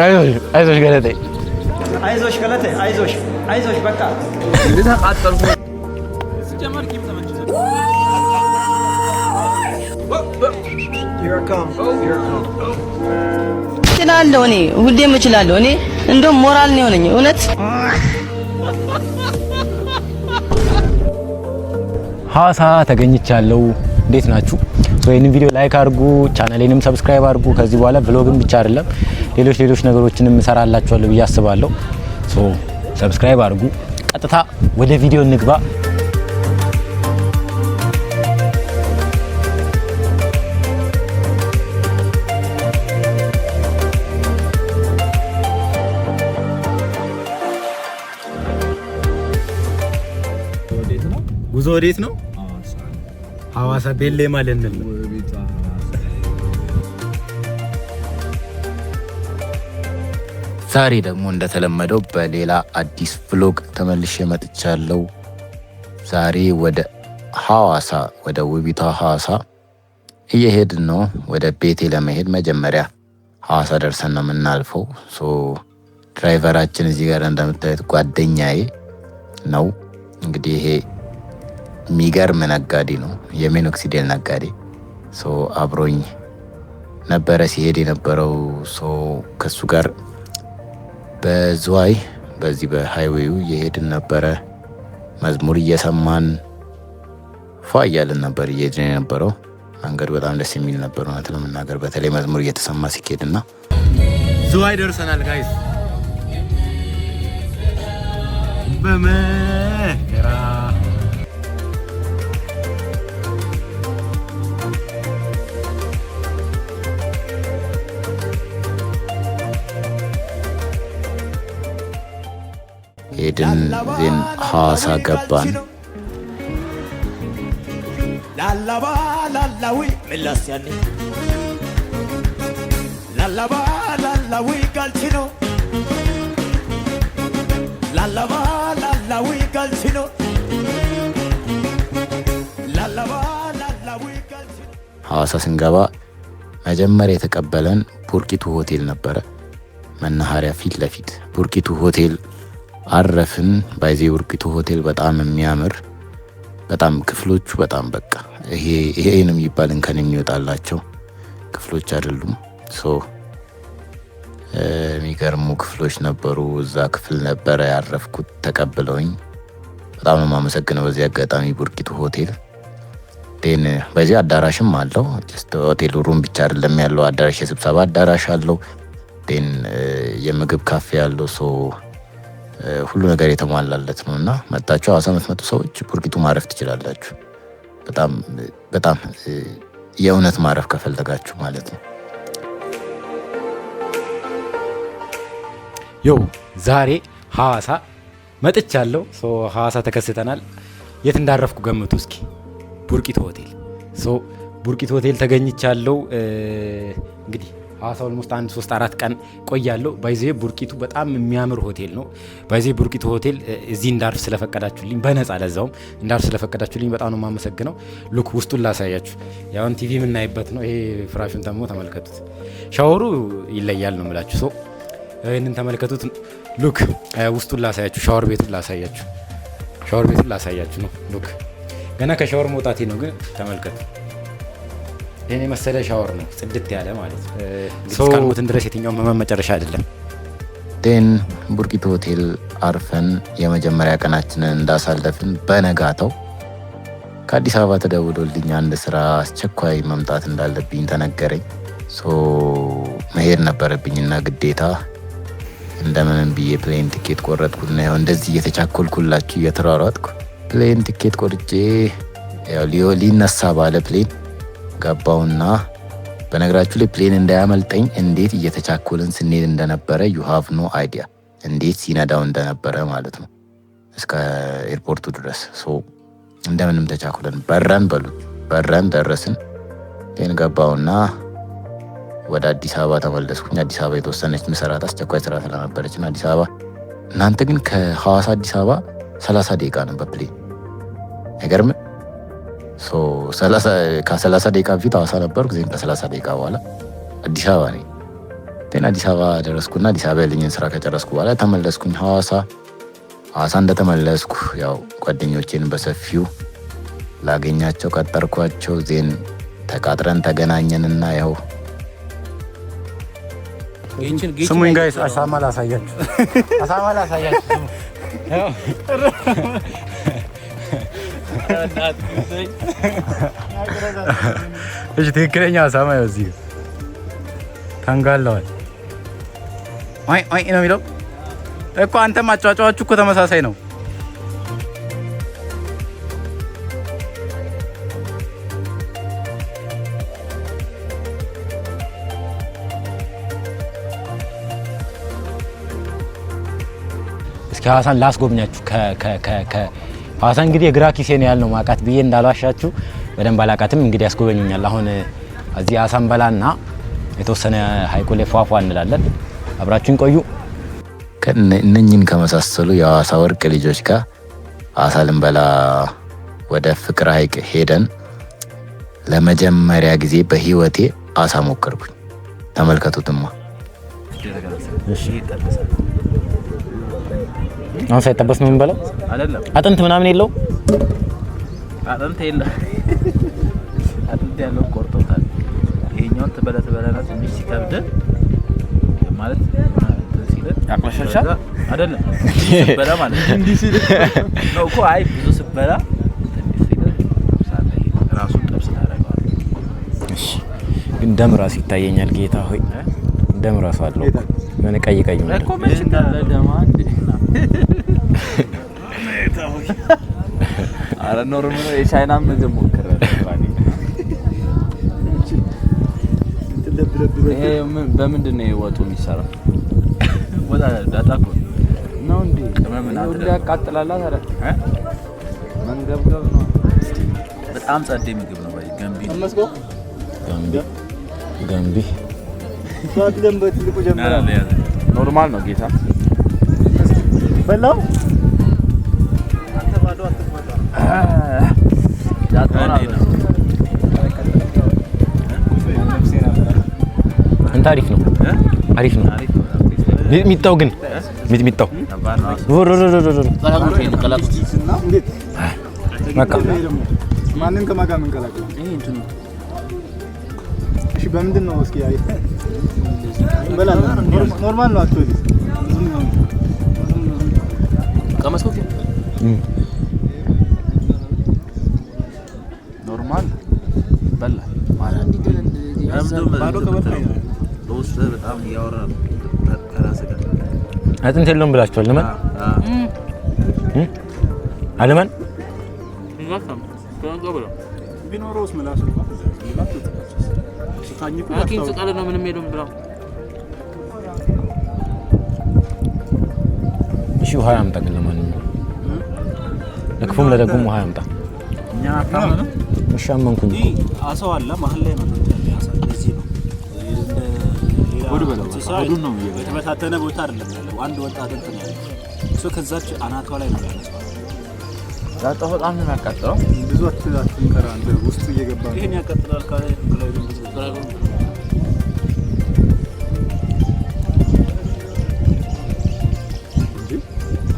አይዞሽ ገለቴ፣ አይዞሽ ገለቴ፣ አይዞሽ አይዞሽ። በቃ ተቃጠልኩ። እችላለሁ እኔ ሁሌም እችላለሁ እኔ። እንደውም ሞራል ነው የሆነኝ እውነት። ሐዋሳ ተገኝቻለሁ። እንዴት ናችሁ? ይህንን ቪዲዮ ላይክ አድርጉ፣ ቻናሌንም ሰብስክራይብ አድርጉ። ከዚህ በኋላ ብሎግም ብቻ አይደለም ሌሎች ሌሎች ነገሮችንም እሰራላችኋለሁ ብዬ አስባለሁ። ሶ ሰብስክራይብ አድርጉ። ቀጥታ ወደ ቪዲዮ እንግባ። ጉዞ ወዴት ነው? ሐዋሳ ቤሌ ማለት ነው። ዛሬ ደግሞ እንደተለመደው በሌላ አዲስ ቭሎግ ተመልሼ መጥቻለሁ። ዛሬ ወደ ሐዋሳ ወደ ውቢቷ ሐዋሳ እየሄድን ነው። ወደ ቤቴ ለመሄድ መጀመሪያ ሐዋሳ ደርሰን ነው የምናልፈው። ድራይቨራችን እዚህ ጋር እንደምታዩት ጓደኛዬ ነው። እንግዲህ ይሄ የሚገርም ነጋዴ ነው፣ የሜኖክሲዴል ነጋዴ አብሮኝ ነበረ ሲሄድ የነበረው። ከሱ ጋር በዝዋይ በዚህ በሃይዌው እየሄድን ነበረ። መዝሙር እየሰማን ፏ እያልን ነበር እየሄድን የነበረው። መንገድ በጣም ደስ የሚል ነበር እውነት ለመናገር በተለይ መዝሙር እየተሰማ ሲኬድና ዝዋይ ደርሰናል ጋይስ በመራ ሄድን፣ ዜን ሐዋሳ ገባን። ሐዋሳ ስንገባ መጀመሪያ የተቀበለን ቡርቂቱ ሆቴል ነበረ። መናኸሪያ ፊት ለፊት ቡርቂቱ ሆቴል አረፍን። ባይዜ ውርቂቱ ሆቴል በጣም የሚያምር በጣም ክፍሎቹ በጣም በቃ ይሄ ይሄ ነው የሚባል እንከን የሚወጣላቸው ክፍሎች አይደሉም። ሶ የሚገርሙ ክፍሎች ነበሩ። እዛ ክፍል ነበረ ያረፍኩት። ተቀብለውኝ በጣም ነው የማመሰግነው በዚህ አጋጣሚ ቡርቂቱ ሆቴል። ን በዚህ አዳራሽም አለው ጀስት ሆቴል ሩም ብቻ አይደለም ያለው አዳራሽ፣ የስብሰባ አዳራሽ አለው ን የምግብ ካፌ አለው ሶ ሁሉ ነገር የተሟላለት ነው እና መጣችሁ ሐዋሳ የምትመጡ ሰዎች ቡርቂቱ ማረፍ ትችላላችሁ። በጣም በጣም የእውነት ማረፍ ከፈለጋችሁ ማለት ነው። ዮ ዛሬ ሐዋሳ መጥቻለሁ። ሐዋሳ ተከስተናል። የት እንዳረፍኩ ገምቱ እስኪ። ቡርቂቱ ሆቴል ቡርቂቱ ሆቴል ተገኝቻለሁ እንግዲህ ሐዋሳ ውስጥ አንድ ሶስት አራት ቀን ቆያለሁ። ባይዜ ቡርቂቱ በጣም የሚያምር ሆቴል ነው። ባይዜ ቡርቂቱ ሆቴል እዚህ እንዳርፍ ስለፈቀዳችሁልኝ በነጻ ለዛውም እንዳርፍ ስለፈቀዳችሁልኝ በጣም ነው የማመሰግነው። ሉክ ውስጡን ላሳያችሁ። ያሁን ቲቪ የምናይበት ነው ይሄ። ፍራሹን ተሞ ተመልከቱት። ሻወሩ ይለያል ነው የምላችሁ። ሶ ይህንን ተመልከቱት። ሉክ ውስጡን ላሳያችሁ፣ ሻወር ቤቱን ላሳያችሁ፣ ሻወር ቤቱን ላሳያችሁ ነው ሉክ ገና ከሻወር መውጣቴ ነው ግን ተመልከቱ። ይህን የመሰለ ሻወር ነው፣ ጽድት ያለ ማለት ነው። እስካልሞትን ድረስ የትኛውም ህመም መጨረሻ አይደለም። ዴን ቡርቂቱ ሆቴል አርፈን የመጀመሪያ ቀናችንን እንዳሳለፍን በነጋታው ከአዲስ አበባ ተደውሎልኝ አንድ ስራ አስቸኳይ መምጣት እንዳለብኝ ተነገረኝ። መሄድ ነበረብኝና ግዴታ እንደምንም ብዬ ፕሌን ትኬት ቆረጥኩና ያው እንደዚህ እየተቻኮልኩላችሁ እየተሯሯጥኩ ፕሌን ትኬት ቆርጬ ሊነሳ ባለ ፕሌን ገባውና በነገራችሁ ላይ ፕሌን እንዳያመልጠኝ እንዴት እየተቻኮልን ስንሄድ እንደነበረ ዩ ሃቭ ኖ አይዲያ እንዴት ሲነዳው እንደነበረ ማለት ነው። እስከ ኤርፖርቱ ድረስ እንደምንም ተቻኩለን በረን በሉ በረን ደረስን። ፕሌን ገባውና ወደ አዲስ አበባ ተመለስኩኝ። አዲስ አበባ የተወሰነች ምሰራት አስቸኳይ ስራ ስለነበረች አዲስ አበባ። እናንተ ግን ከሐዋሳ አዲስ አበባ 30 ደቂቃ ነው በፕሌን አይገርምም? ከሰላሳ ደቂቃ በፊት ሐዋሳ ነበርኩ። ዜን ከሰላሳ ደቂቃ በኋላ አዲስ አበባ ነኝ። ዜን አዲስ አበባ ደረስኩና አዲስ አበባ ያለኝን ስራ ከጨረስኩ በኋላ ተመለስኩኝ ሐዋሳ። ሐዋሳ እንደተመለስኩ ያው ጓደኞቼን በሰፊው ላገኛቸው ቀጠርኳቸው። ዜን ተቃጥረን ተገናኘንና ያው ስሙኝ ጋይስ አሳማ ላሳያችሁ፣ አሳማ ላሳያችሁ እሺ፣ ትክክለኛ ሳማ ያው እዚህ ታንጋለዋል። አይ አይ ነው የሚለው እኮ አንተም አጫጫዋችሁ እኮ ተመሳሳይ ነው። እስኪ ሀሳን ላስጎብኛችሁ ሐዋሳ እንግዲህ የግራ ኪሴን ያህል ነው ማቃት ብዬ እንዳልዋሻችሁ በደንብ አላቃትም። እንግዲህ ያስጎበኙኛል። አሁን እዚህ አሳንበላና የተወሰነ ሀይቁ ላይ ፏፏ እንላለን። አብራችሁን ቆዩ። እነኝን ከመሳሰሉ የሀዋሳ ወርቅ ልጆች ጋር አሳ ልንበላ ወደ ፍቅር ሀይቅ ሄደን ለመጀመሪያ ጊዜ በህይወቴ አሳ ሞከርኩኝ። ተመልከቱትማ አሁን ሳይጠበስ ነው የምንበላው። አጥንት ምናምን የለው አጥንት የለው አጥንት ያለው ቆርጦታል። ይሄኛውን ትበላ ትበላና ትንሽ ሲከብድ ማለት አቅለሸልሻ አይደለም ስትበላ ማለት እንዲህ ሲል ነው እኮ። አይ ብዙ ስትበላ ጥብስ እሺ ግን ደም ራሱ ይታየኛል። ጌታ ሆይ ደም ራሱ አለው ቀይ ቀይ ነው እኮ ምን አረ ኖርም ነው። የቻይና ምግብ ሞክረ በምንድን ነው ወጡ የሚሰራው? ወጣ እኮ ነው እንዴ? ያቃጥላላ። መንገብገብ ነው። በጣም ጸዴ ምግብ ነው። ገንቢ ገንቢ ገንቢ ኖርማል ነው ጌታ በላው እንትን አሪፍ ነው፣ አሪፍ ነው። ሚጥሚጣው ግን ሚጥሚጣው ኖርማል ነው። አጥንት የለውም ብላችኋል። ለምን አለመን እሺ፣ ውሃ ያምጣ። ግን ለማንኛውም ለክፉም ለደጉም ውሃ ያምጣ። እሺ፣ አመንኩኝ። አሰው አለ መሀል ላይ ነው። ወዱ በላ ወዱ ነው የተበታተነ ቦታ አይደለም ያለው። አንድ ወጣት እንትን ያለው እሱ ከዛች አናቷ ላይ ነው ያለው። ዛጣው በጣም ነው ያቃጥለው። ብዙ አትላትን አንተ ውስጥ እየገባ ይሄን ያቃጥላል ካለ ላይ ነው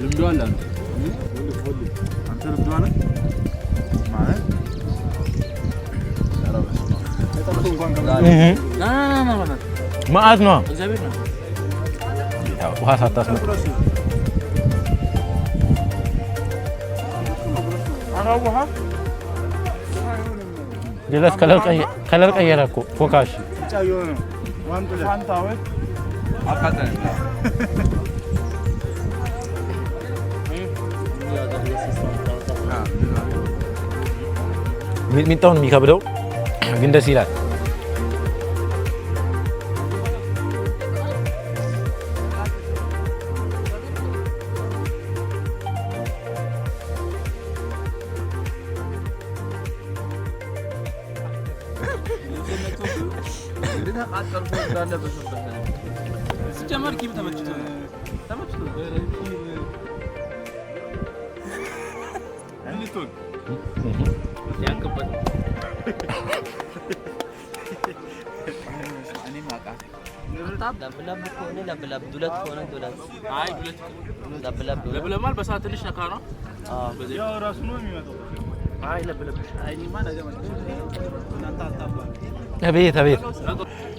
ልምዱ አለ አንተ አንተ ማለት ማዕት ነው ውሃ ሳታስመጣ ከለር ቀየረ እኮ ኮካሽ ሚጣውን የሚከብደው ግን ደስ ይላል። አለበሰበት ሲጀመር ኪም ተመችቶ ነው ተመችቶ ለብለማል በሰዓት ትንሽ ነካ ነው ራሱ ነው የሚመጣው። አቤት አቤት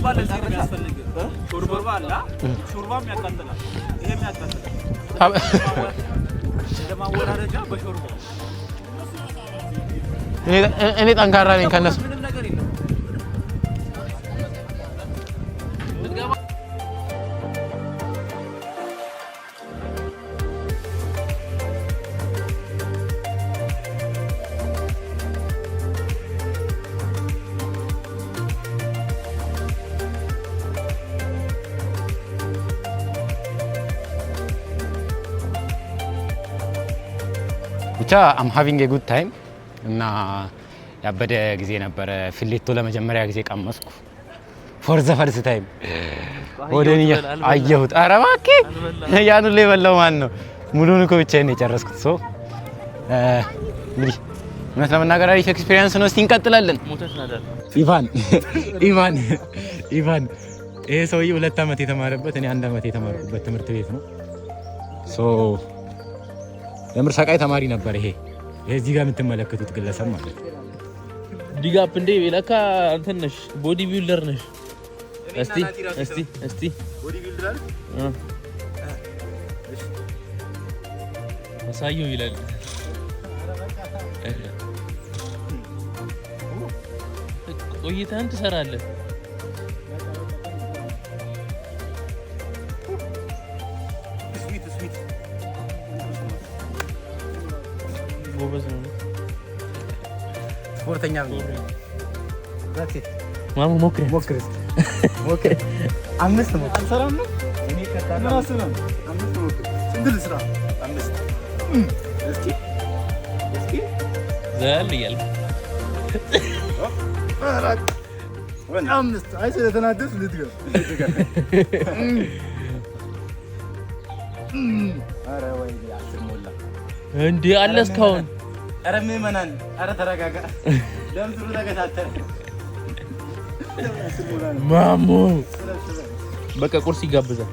ሾርባ ለዚህ ነው የሚያስፈልግ። ሾርባ አለ፣ ሾርባም ያቃጥላል፣ ይሄም ያቃጥላል። ለማወራረጃ በሾርባ እኔ ጠንካራ ነኝ ከነሱ ብቻ አም ሃቪንግ ጉድ ታይም እና ያበደ ጊዜ ነበረ። ፊሌቶ ለመጀመሪያ ጊዜ ቀመስኩ። ፎር ዘ ፈርስት ታይም ወደን አየሁት። ኧረ እባክህ ያን ሁሉ የበላው ማን ነው? ሙሉን እኮ ብቻዬን የጨረስኩት። ሰው እንግዲህ እውነት ለመናገር አሪፍ ኤክስፒሪየንስ ነው። እስቲ እንቀጥላለን። ኢቫን ኢቫን ኢቫን ይሄ ሰውዬ ሁለት ዓመት የተማረበት እኔ አንድ ዓመት የተማርኩበት ትምህርት ቤት ነው። የምር ሰቃይ ተማሪ ነበር። ይሄ እዚህ ጋር የምትመለከቱት ግለሰብ ማለት ነው። ዲጋፕ እንዴ ለካ እንትን ነሽ፣ ቦዲ ቢልደር ነሽ። እስቲ እስቲ እስቲ ቦዲ ቢልደር አሳየው ይላል። ቆይተህን ትሰራለህ ማሙ ሞክር ሞክር ሞክር አምስት ሞክር ነው እኔ ነው አምስት እንድል ስራ አምስት እስኪ እስኪ ዘል አምስት ወይ እንዴ አለ እስካሁን ኧረ ምዕመናን፣ ኧረ ተረጋጋ። ለምትሉ ተከታተል። ማሞ በቃ ቁርስ ይጋብዛል።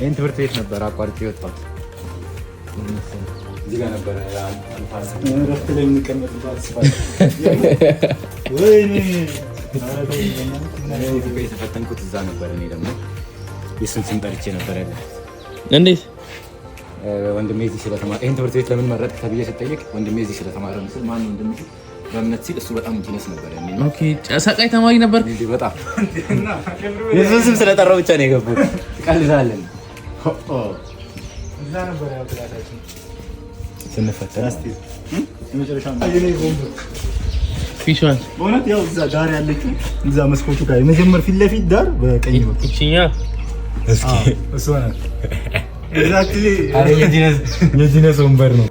ይህን ትምህርት ቤት ነበር አቋርጬ የወጣሁት። የተፈተንኩት እዛ ነበር። እኔ ደግሞ የስንቱን ጠርቼ ነበር ያለ እንዴት ወንድሜ እዚህ ስለተማረ ይህን ትምህርት ቤት ለምን መረጥ ተብዬ ስጠየቅ ወንድሜ እዚህ ስለተማረ ነው ስል ማን ወንድሜ በእምነት ሲል እሱ በጣም ጅነስ ነበር የሚል ሰቃይ ተማሪ ነበር። በጣም የእሱን ስም ስለጠራው ብቻ ነው የገቡት። ትቀልዳለን ስንፈተን በእውነት ያው እዛ ዳር ያለችው እዛ መስኮቱ ጋር የመጀመር ፊት ለፊት ዳር በቀኝ በኩል እሱ የጂነስ ወንበር ነው።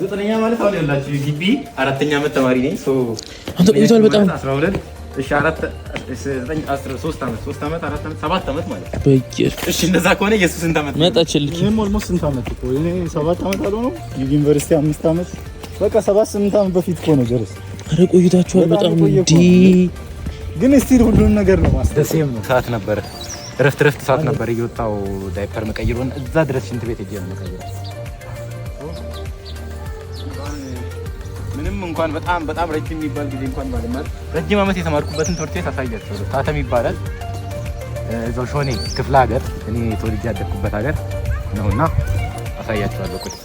ዘጠነኛ ማለት አሁን ያላችሁ ግቢ አራተኛ ዓመት ተማሪ ነኝ። በጣም እንደዛ ከሆነ ኢየሱስ ስንት ዓመት መጣችልኝ? እኔም ኦልሞስት ስንት ዓመት እኮ እኔ ሰባት ዓመት አልሆነው ዩኒቨርሲቲ አምስት ዓመት በቃ ሰባት ስምንት ዓመት በፊት እኮ ነው ጀርስ። ኧረ ቆይታችኋል በጣም እንዲህ ግን እስቲል ሁሉንም ነገር ነው ማስደሴም ነው ሰዓት ነበረ ረፍት ረፍት ሰዓት ነበር እየወጣው ዳይፐር መቀይሮን እዛ ድረስ ሽንት ቤት ሄጄ ነው መቀይሮ። ምንም እንኳን በጣም በጣም ረጅም የሚባል ጊዜ እንኳን ባልማር ረጅም ዓመት የተማርኩበትን ትምህርት ቤት አሳያቸዋለሁ። ታተም ይባላል። እዛው ሾኔ ክፍለ ሀገር እኔ ተወልጄ ያደግኩበት ሀገር ነውና አሳያቸዋለሁ። ቆይ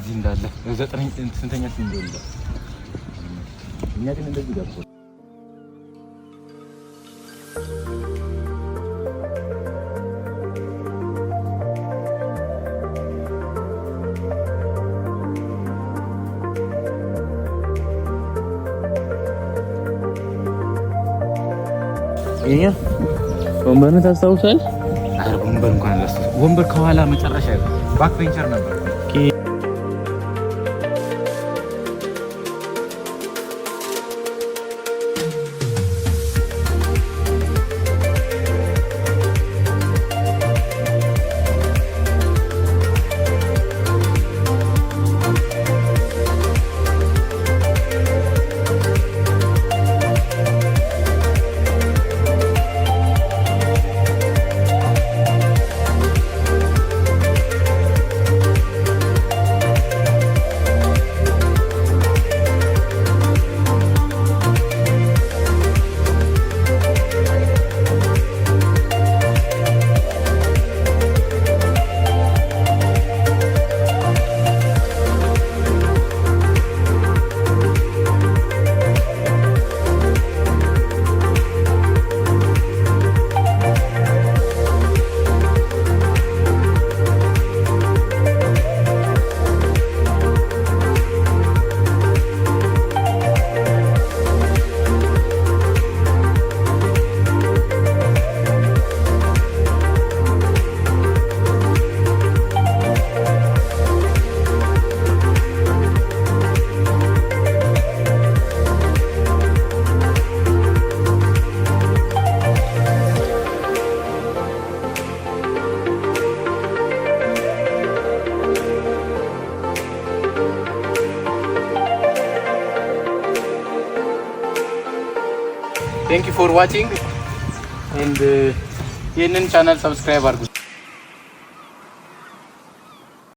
እዚህ እንዳለ ዘጠነኛ ስንተኛ ስንደ እኛ ግን እንደዚህ ገብቶ የኛ ወንበርን ታስታውሳል? ወንበር እንኳን ወንበር ከኋላ መጨረሻ ባክ ቬንቸር ነበር። for watching and uh, channel subscribe